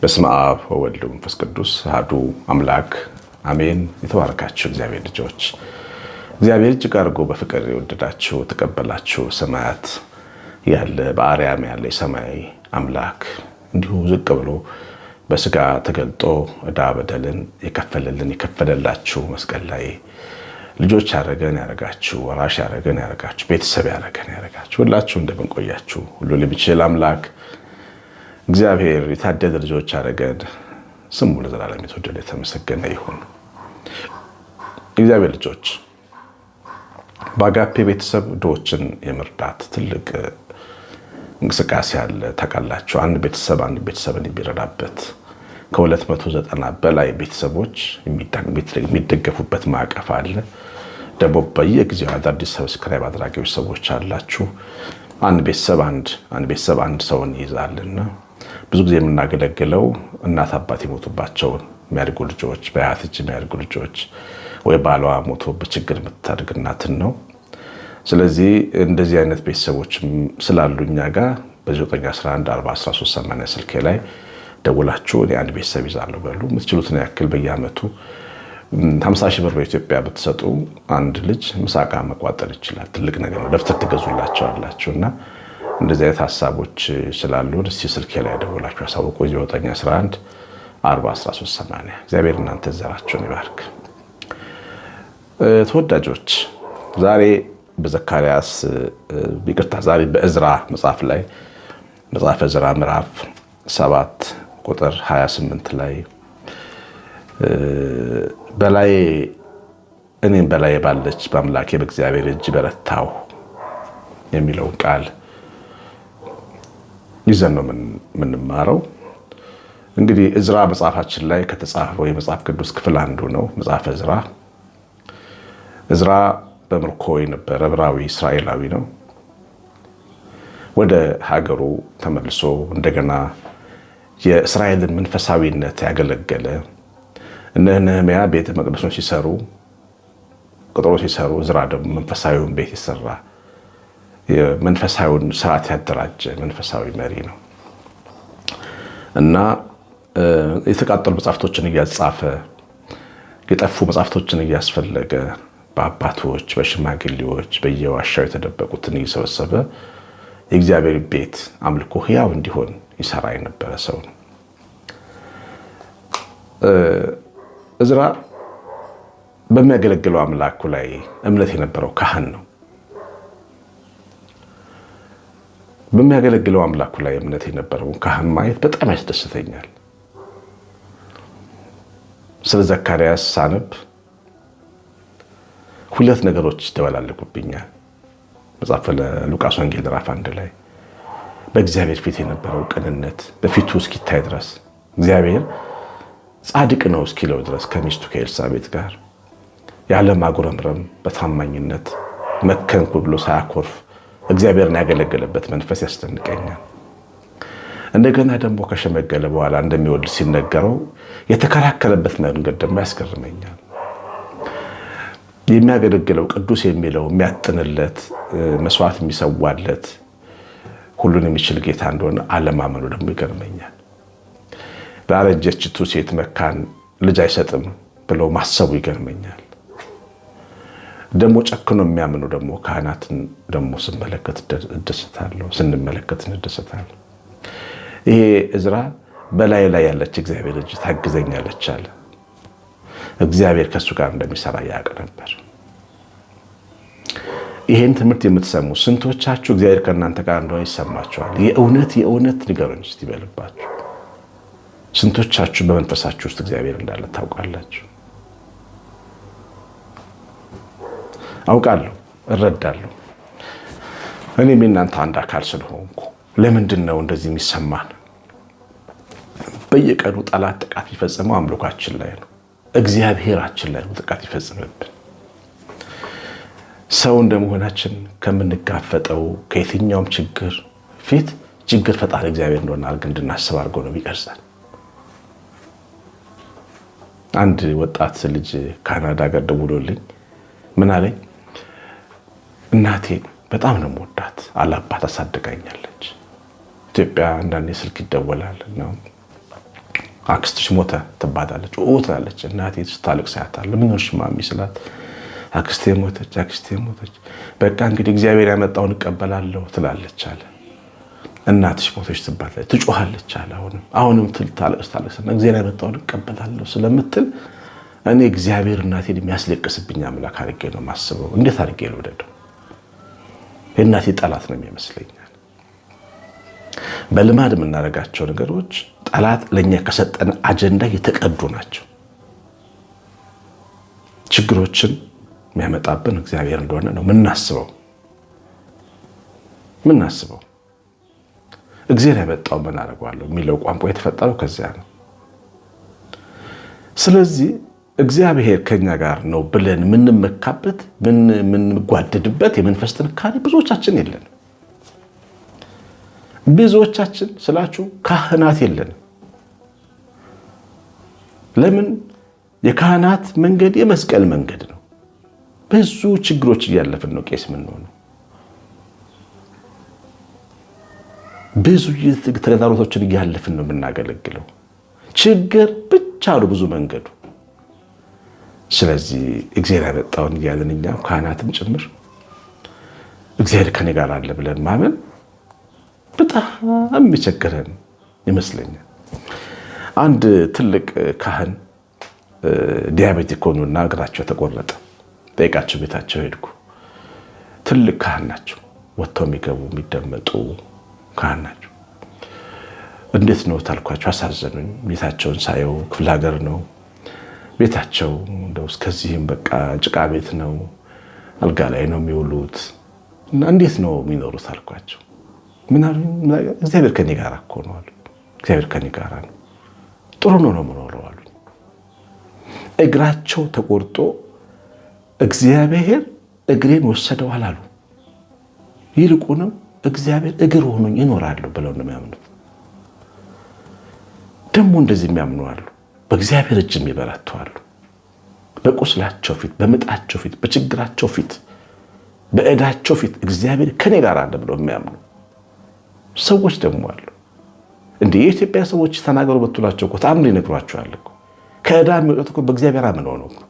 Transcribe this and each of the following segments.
በስመ አብ ወወልድ መንፈስ ቅዱስ አሐዱ አምላክ አሜን። የተባረካችሁ እግዚአብሔር ልጆች እግዚአብሔር እጅግ አድርጎ በፍቅር የወደዳችሁ ተቀበላችሁ። ሰማያት ያለ በአርያም ያለ የሰማይ አምላክ እንዲሁ ዝቅ ብሎ በስጋ ተገልጦ እዳ በደልን የከፈለልን የከፈለላችሁ መስቀል ላይ ልጆች ያደረገን ያደረጋችሁ፣ ወራሽ ያደረገን ያደረጋችሁ፣ ቤተሰብ ያደረገን ያደረጋችሁ፣ ሁላችሁ እንደምንቆያችሁ ሁሉ ለሚችል አምላክ እግዚአብሔር የታደለ ልጆች ያደረገን ስሙ ለዘላለም የተወደደ የተመሰገነ ይሁን። እግዚአብሔር ልጆች በአጋፔ ቤተሰብ ድሆችን የመርዳት ትልቅ እንቅስቃሴ አለ። ታውቃላችሁ አንድ ቤተሰብ አንድ ቤተሰብን የሚረዳበት ከ290 በላይ ቤተሰቦች የሚደገፉበት ማዕቀፍ አለ። ደግሞ በየጊዜው አዳዲስ ሰብስክራይብ አድራጊዎች ሰዎች አላችሁ። አንድ ቤተሰብ አንድ አንድ ቤተሰብ አንድ ሰውን ይይዛልና ብዙ ጊዜ የምናገለግለው እናት አባት የሞቱባቸውን የሚያድጉ ልጆች፣ በአያት እጅ የሚያድጉ ልጆች ወይ ባሏ ሞቶ በችግር የምታደርግ እናትን ነው። ስለዚህ እንደዚህ አይነት ቤተሰቦች ስላሉ እኛ ጋር በ9114138 ስልኬ ላይ ደውላችሁ እኔ አንድ ቤተሰብ ይዛለሁ በሉ። የምትችሉትን ያክል በየአመቱ 50 ሺህ ብር በኢትዮጵያ ብትሰጡ አንድ ልጅ ምሳቃ መቋጠር ይችላል። ትልቅ ነገር ነው። ደብተር ትገዙላቸዋላችሁ እና እንደዚህ አይነት ሀሳቦች ስላሉ እስቲ ስልኬ ላይ ደውላችሁ አሳውቁ። 911 4138 እግዚአብሔር እናንተ ዘራችሁን ይባርክ። ተወዳጆች ዛሬ በዘካርያስ ይቅርታ፣ ዛሬ በእዝራ መጽሐፍ ላይ መጽሐፍ እዝራ ምዕራፍ 7 ቁጥር 28 ላይ በላይ እኔም በላይ ባለች በአምላኬ በእግዚአብሔር እጅ በረታው የሚለውን ቃል ይዘን ነው የምንማረው። እንግዲህ እዝራ መጽሐፋችን ላይ ከተጻፈው የመጽሐፍ ቅዱስ ክፍል አንዱ ነው። መጽሐፍ እዝራ እዝራ በምርኮ የነበረ ዕብራዊ እስራኤላዊ ነው። ወደ ሀገሩ ተመልሶ እንደገና የእስራኤልን መንፈሳዊነት ያገለገለ እነ ነህምያ ቤተ መቅደሱን ሲሰሩ ቅጥሮ ሲሰሩ፣ ዝራ ደግሞ መንፈሳዊውን ቤት የሰራ መንፈሳዊውን ስርዓት ያደራጀ መንፈሳዊ መሪ ነው እና የተቃጠሉ መጽሐፍቶችን እያጻፈ የጠፉ መጽሐፍቶችን እያስፈለገ በአባቶች በሽማግሌዎች በየዋሻው የተደበቁትን እየሰበሰበ የእግዚአብሔር ቤት አምልኮ ህያው እንዲሆን ይሰራ የነበረ ሰው ነው እዝራ። በሚያገለግለው አምላኩ ላይ እምነት የነበረው ካህን ነው። በሚያገለግለው አምላኩ ላይ እምነት የነበረውን ካህን ማየት በጣም ያስደስተኛል። ስለ ዘካርያስ ሳነብ ሁለት ነገሮች ተበላለቁብኛል። መጽሐፈ ሉቃስ ወንጌል ምዕራፍ አንድ ላይ በእግዚአብሔር ፊት የነበረው ቅንነት በፊቱ እስኪታይ ድረስ እግዚአብሔር ጻድቅ ነው እስኪለው ድረስ ከሚስቱ ከኤልሳቤጥ ጋር ያለ ማጉረምረም በታማኝነት መከንኩ ብሎ ሳያኮርፍ እግዚአብሔርን ያገለገለበት መንፈስ ያስደንቀኛል። እንደገና ደግሞ ከሸመገለ በኋላ እንደሚወልድ ሲነገረው የተከላከለበት መንገድ ደግሞ ያስገርመኛል። የሚያገለግለው ቅዱስ የሚለው የሚያጥንለት መስዋዕት የሚሰዋለት ሁሉን የሚችል ጌታ እንደሆነ አለማመኑ ደግሞ ይገርመኛል። ላረጀችቱ ሴት መካን ልጅ አይሰጥም ብለው ማሰቡ ይገርመኛል። ደግሞ ጨክኖ የሚያምኑ ደግሞ ካህናትን ደግሞ ስመለከት እደሰታለሁ፣ ስንመለከት ይሄ እዝራ በላይ ላይ ያለች እግዚአብሔር እጅ ታግዘኛለች አለ። እግዚአብሔር ከእሱ ጋር እንደሚሰራ ያውቅ ነበር። ይሄን ትምህርት የምትሰሙ ስንቶቻችሁ እግዚአብሔር ከእናንተ ጋር እንደሆነ ይሰማችኋል? የእውነት የእውነት ንገሩኝ እስቲ ይበልባችሁ። ስንቶቻችሁ በመንፈሳችሁ ውስጥ እግዚአብሔር እንዳለ ታውቃላችሁ? አውቃለሁ፣ እረዳለሁ። እኔም የእናንተ አንድ አካል ስለሆንኩ ለምንድን ነው እንደዚህ የሚሰማን? በየቀኑ ጠላት ጥቃት የሚፈጽመው አምልኳችን ላይ ነው። እግዚአብሔራችን ላይ ጥቃት ይፈጽምብን። ሰው እንደመሆናችን ከምንጋፈጠው ከየትኛውም ችግር ፊት ችግር ፈጣሪ እግዚአብሔር እንደሆነ አድርገን እንድናስብ አድርጎ ነው የሚቀርጸን። አንድ ወጣት ልጅ ካናዳ ጋር ደውሎልኝ ምን አለኝ፣ እናቴ በጣም ነው የምወዳት፣ አላባት አሳድጋኛለች። ኢትዮጵያ አንዳንዴ ስልክ ይደወላል ነው አክስትሽ ሞተ ትባታለች። ትላለች እናቴ ስታልቅ ያታል ምን ሆንሽ ማሚ ስላት አክስቴ ሞተች፣ አክስቴ ሞተች። በቃ እንግዲህ እግዚአብሔር ያመጣውን እቀበላለሁ ትላለች አለ። እናትሽ ሞተች ትባላለች፣ ትጮሃለች አለ። አሁንም አሁንም ታለቅስ ታለቅስና እግዚአብሔር ያመጣውን እቀበላለሁ ስለምትል እኔ እግዚአብሔር እናቴን የሚያስለቅስብኝ አምላክ አድርጌ ነው የማስበው። እንዴት አድርጌ ልውደደው? የእናቴ ጠላት ነው የሚመስለኝ በልማድ የምናደርጋቸው ነገሮች ጠላት ለእኛ ከሰጠን አጀንዳ የተቀዱ ናቸው። ችግሮችን የሚያመጣብን እግዚአብሔር እንደሆነ ነው ምናስበው ምናስበው እግዚአብሔር ያመጣው ምን አደርገዋለሁ የሚለው ቋንቋ የተፈጠረው ከዚያ ነው። ስለዚህ እግዚአብሔር ከኛ ጋር ነው ብለን የምንመካበት፣ ምንጓደድበት የመንፈስ ጥንካሬ ብዙዎቻችን የለን። ብዙዎቻችን ስላችሁ ካህናት የለንም። ለምን? የካህናት መንገድ የመስቀል መንገድ ነው። ብዙ ችግሮች እያለፍን ነው ቄስ የምንሆነው። ብዙ ተግዳሮቶችን እያለፍን ነው የምናገለግለው። ችግር ብቻ ነው ብዙ መንገዱ። ስለዚህ እግዚአብሔር ያመጣውን እያለን እኛ ካህናትም ጭምር እግዚአብሔር ከኔ ጋር አለ ብለን ማመን በጣም የቸገረን ይመስለኛል። አንድ ትልቅ ካህን ዲያቤቲክ ሆኑና እግራቸው ተቆረጠ። ጠይቃቸው ቤታቸው ሄድኩ። ትልቅ ካህን ናቸው። ወጥተው የሚገቡ የሚደመጡ ካህን ናቸው። እንዴት ነው ታልኳቸው፣ አሳዘኑኝ። ቤታቸውን ሳየው ክፍለ ሀገር ነው ቤታቸው። እንደው እስከዚህም በቃ ጭቃ ቤት ነው፣ አልጋ ላይ ነው የሚውሉት እና እንዴት ነው የሚኖሩት አልኳቸው። ምናሉ እግዚአብሔር ከኔ ጋር እኮ ነው አሉ። እግዚአብሔር ከኔ ጋር ነው፣ ጥሩ ነው ነው የምኖረው አሉ። እግራቸው ተቆርጦ እግዚአብሔር እግሬን ወሰደዋል አሉ። ይልቁንም እግዚአብሔር እግር ሆኖኝ ይኖራሉ ብለው ነው የሚያምኑት። ደግሞ እንደዚህ የሚያምኑ አሉ። በእግዚአብሔር እጅ የሚበረቱ አሉ። በቁስላቸው ፊት፣ በምጣቸው ፊት፣ በችግራቸው ፊት፣ በእዳቸው ፊት እግዚአብሔር ከኔ ጋር አለ ብለው የሚያምኑ ሰዎች ደግሞ አሉ። እንደ የኢትዮጵያ ሰዎች ተናገሩ በትሏቸው እኮ ተአምር ይነግሯቸዋል እኮ። ከዕዳ የሚወጡት በእግዚአብሔር አምነው ነው እኮ።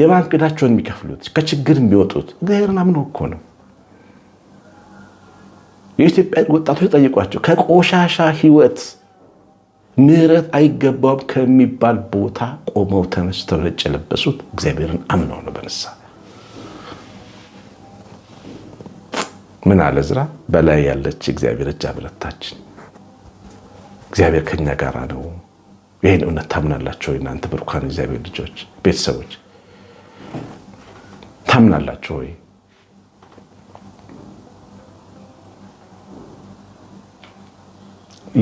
የባንክ ዕዳቸውን የሚከፍሉት ከችግር የሚወጡት እግዚአብሔርን አምነው እኮ ነው። የኢትዮጵያ ወጣቶች ጠይቋቸው። ከቆሻሻ ህይወት ምሕረት አይገባውም ከሚባል ቦታ ቆመው ተነስተው ነጭ የለበሱት እግዚአብሔርን አምነው ነው በንስሐ ምን አለ ዕዝራ? በላይ ያለች እግዚአብሔር እጅ አበረታችን። እግዚአብሔር ከኛ ጋር ነው። ይህን እውነት ታምናላችሁ? እናንተ ብርኳን እግዚአብሔር ልጆች ቤተሰቦች ታምናላችሁ ወይ?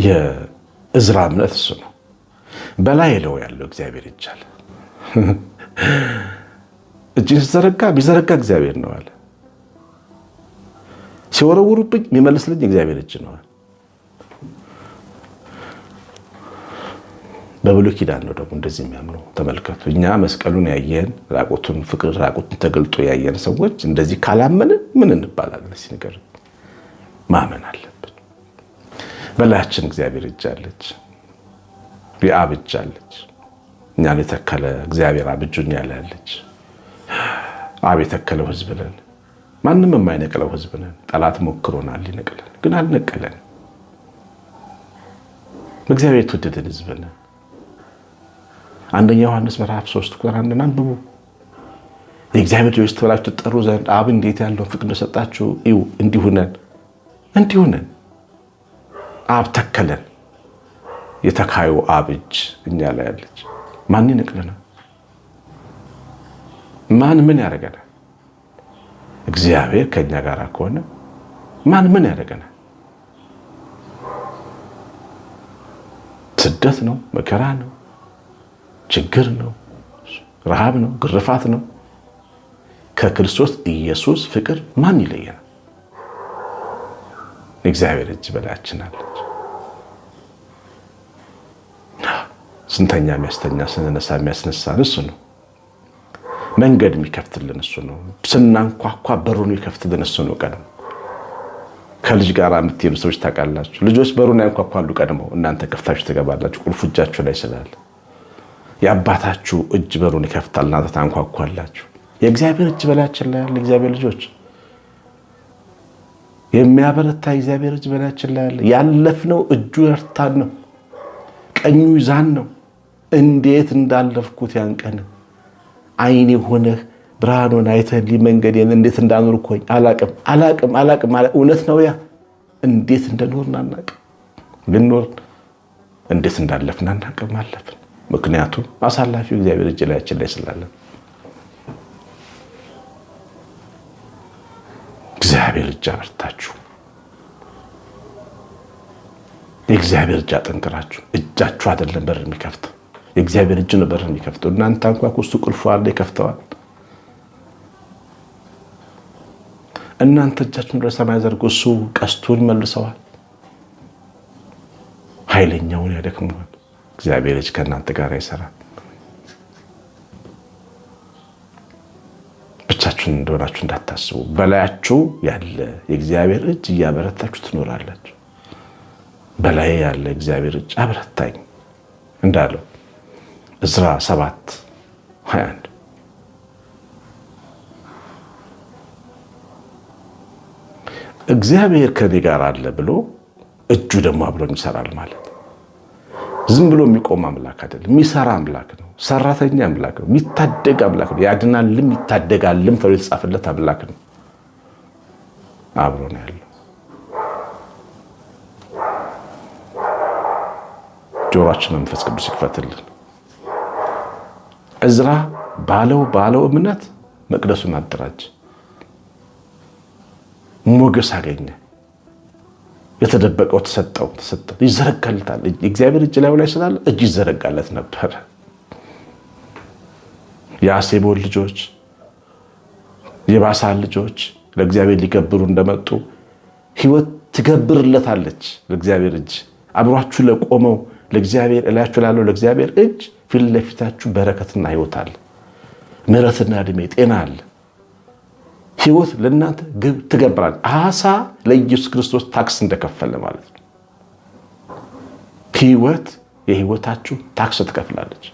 የዕዝራ እምነት እሱ ነው። በላይ ለው ያለው እግዚአብሔር ይቻል እጅን ስዘረጋ ቢዘረጋ እግዚአብሔር ነው አለ ሲወረውሩብኝ የሚመልስልኝ እግዚአብሔር እጅ ነው። በብሉይ ኪዳን ነው ደግሞ እንደዚህ የሚያምኑ ተመልከቱ። እኛ መስቀሉን ያየን ራቁቱን ፍቅር ራቁቱን ተገልጦ ያየን ሰዎች እንደዚህ ካላመንን ምን እንባላለን? ሲ ነገር ማመን አለብን። በላያችን እግዚአብሔር እጅ አለች፣ የአብ እጅ አለች። እኛን የተከለ እግዚአብሔር አብ እጁን አብ የተከለው ህዝብ ነን። ማንም የማይነቅለው ህዝብ ነን። ጠላት ሞክሮናል ሊነቅለን፣ ግን አልነቀለን። እግዚአብሔር የተወደደን ህዝብ ነን። አንደኛ ዮሐንስ ምዕራፍ ሶስት ቁጥር አንድን አንብቡ። የእግዚአብሔር ልጆች ተብላችሁ ትጠሩ ዘንድ አብ እንዴት ያለውን ፍቅር እንደሰጣችሁ እዩ። እንዲሁነን እንዲሁነን አብ ተከለን። የተካዩ አብ እጅ እኛ ላይ ያለች። ማን ይነቅለናል? ማን ምን ያደርገናል? እግዚአብሔር ከኛ ጋር ከሆነ ማን ምን ያደርገናል? ስደት ነው፣ መከራ ነው፣ ችግር ነው፣ ረሃብ ነው፣ ግርፋት ነው። ከክርስቶስ ኢየሱስ ፍቅር ማን ይለየናል? እግዚአብሔር እጅ በላያችን አለች። ስንተኛ የሚያስተኛ ስንነሳ የሚያስነሳን እሱ ነው። መንገድ የሚከፍትልን እሱ ነው። ስናንኳኳ በሩን ይከፍትልን እሱ ነው። ቀድሞ ከልጅ ጋር የምትሄዱ ሰዎች ታውቃላችሁ፣ ልጆች በሩን ያንኳኳሉ ቀድመው፣ እናንተ ከፍታችሁ ትገባላችሁ። ቁልፉ እጃችሁ ላይ ስላለ የአባታችሁ እጅ በሩን ይከፍታል። እናንተ ታንኳኳላችሁ። የእግዚአብሔር እጅ በላያችን ላይ ያለ፣ እግዚአብሔር ልጆች የሚያበረታ እግዚአብሔር እጅ በላያችን ላይ ያለ። ያለፍነው እጁ እርታን ነው፣ ቀኙ ይዛን ነው። እንዴት እንዳለፍኩት ያንቀን አይኔ ሆነህ ብርሃኑን አይተን መንገዴን እንዴት እንዳኖርኩኝ አላቅም አላቅም አላቅም። እውነት ነው ያ እንዴት እንደኖርን አናቅም፣ ልንኖርን እንዴት እንዳለፍን አናቅም አለፍን። ምክንያቱም አሳላፊው እግዚአብሔር እጅ ላያችን ላይ ስላለን እግዚአብሔር እጅ አበርታችሁ የእግዚአብሔር እጅ አጠንክራችሁ እጃችሁ አይደለም በር የሚከፍት የእግዚአብሔር እጅ ነው በርህን የሚከፍተው። እናንተ አንኳኩ፣ እሱ ቁልፉ አለ ይከፍተዋል። እናንተ እጃችሁን ወደ ሰማይ ዘርጉ፣ እሱ ቀስቱን ይመልሰዋል። ኃይለኛውን ያደክመዋል። እግዚአብሔር እጅ ከእናንተ ጋር ይሰራል። ብቻችሁን እንደሆናችሁ እንዳታስቡ። በላያችሁ ያለ የእግዚአብሔር እጅ እያበረታችሁ ትኖራላችሁ። በላይ ያለ እግዚአብሔር እጅ አበረታኝ እንዳለው እዝራ 7 21 እግዚአብሔር ከኔ ጋር አለ ብሎ እጁ ደግሞ አብሮኝ ይሰራል ማለት ዝም ብሎ የሚቆም አምላክ አይደለም። የሚሰራ አምላክ ነው። ሰራተኛ አምላክ ነው። የሚታደግ አምላክ ነው። ያድናልም ይታደጋልም ተብሎ የተጻፈለት አምላክ ነው። አብሮ ነው ያለው። ጆሯችን መንፈስ ቅዱስ ይክፈትልን። እዝራ ባለው ባለው እምነት መቅደሱን አደራጅ ሞገስ አገኘ። የተደበቀው ተሰጠው ተሰጠው ይዘረጋለታል። እግዚአብሔር እጅ ላይ ላይ ስላለ እጅ ይዘረጋለት ነበር። የአሴቦን ልጆች የባሳን ልጆች ለእግዚአብሔር ሊገብሩ እንደመጡ ህይወት ትገብርለታለች። ለእግዚአብሔር እጅ አብሯችሁ ለቆመው ለእግዚአብሔር እላያችሁ ላለው ለእግዚአብሔር እጅ ፊት ለፊታችሁ በረከትና ህይወት አለ። ምሕረትና እድሜ ጤና አለ። ህይወት ለእናንተ ግብ ትገብራል። አሳ ለኢየሱስ ክርስቶስ ታክስ እንደከፈለ ማለት ነው። ህይወት የህይወታችሁ ታክስ ትከፍላለች።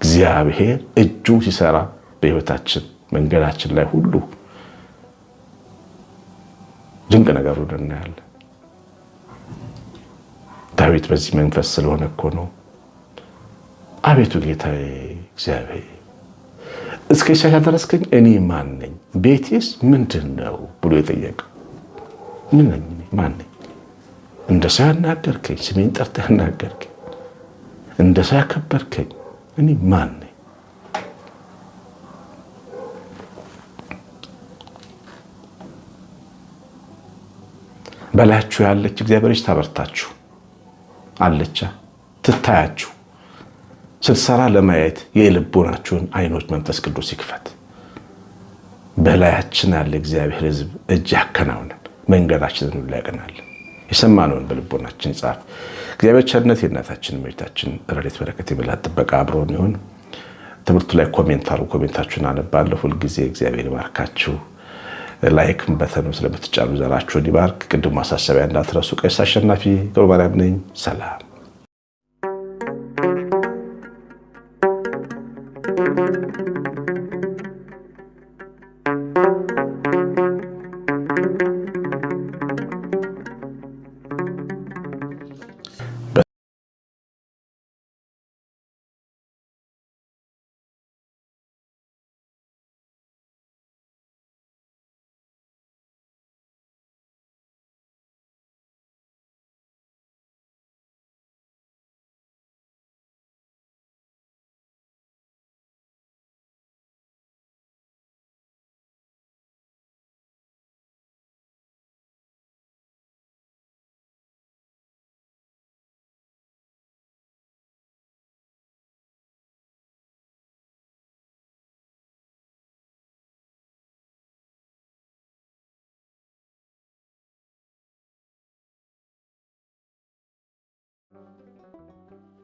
እግዚአብሔር እጁ ሲሰራ በህይወታችን መንገዳችን ላይ ሁሉ ድንቅ ነገር እናያለን። ዳዊት በዚህ መንፈስ ስለሆነ እኮ ነው አቤቱ ጌታዬ እግዚአብሔር እስከ ሻ ያደረስከኝ እኔ ማን ነኝ? ቤቴስ ምንድን ነው ብሎ የጠየቀው ምን ነኝ? ማን ነኝ? እንደ ሰው ያናገርከኝ፣ ስሜን ጠርተ ያናገርከኝ፣ እንደ ሰው ያከበርከኝ እኔ ማን ነኝ? በላያችሁ ያለች እግዚአብሔር ታበርታችሁ አለቻ ትታያችሁ ስትሰራ ለማየት የልቦናችሁን አይኖች መንፈስ ቅዱስ ይክፈት። በላያችን ያለ እግዚአብሔር ሕዝብ እጅ ያከናውነን፣ መንገዳችንን ሁሉ ያቀናልን። የሰማነውን በልቦናችን ይጻፍ። እግዚአብሔር ቸርነት የእናታችን መቤታችን ረድኤት በረከት የበላት ጥበቃ አብሮን ይሁን። ትምህርቱ ላይ ኮሜንት አሉ። ኮሜንታችሁን አነባለሁ ሁልጊዜ። እግዚአብሔር ይባርካችሁ። ላይክም በተኑ ስለምትጫሉ ዘራችሁን ይባርክ። ቅድም ማሳሰቢያ እንዳትረሱ። ቀሲስ አሸናፊ ገብረማርያም ነኝ። ሰላም Thank you.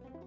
thank you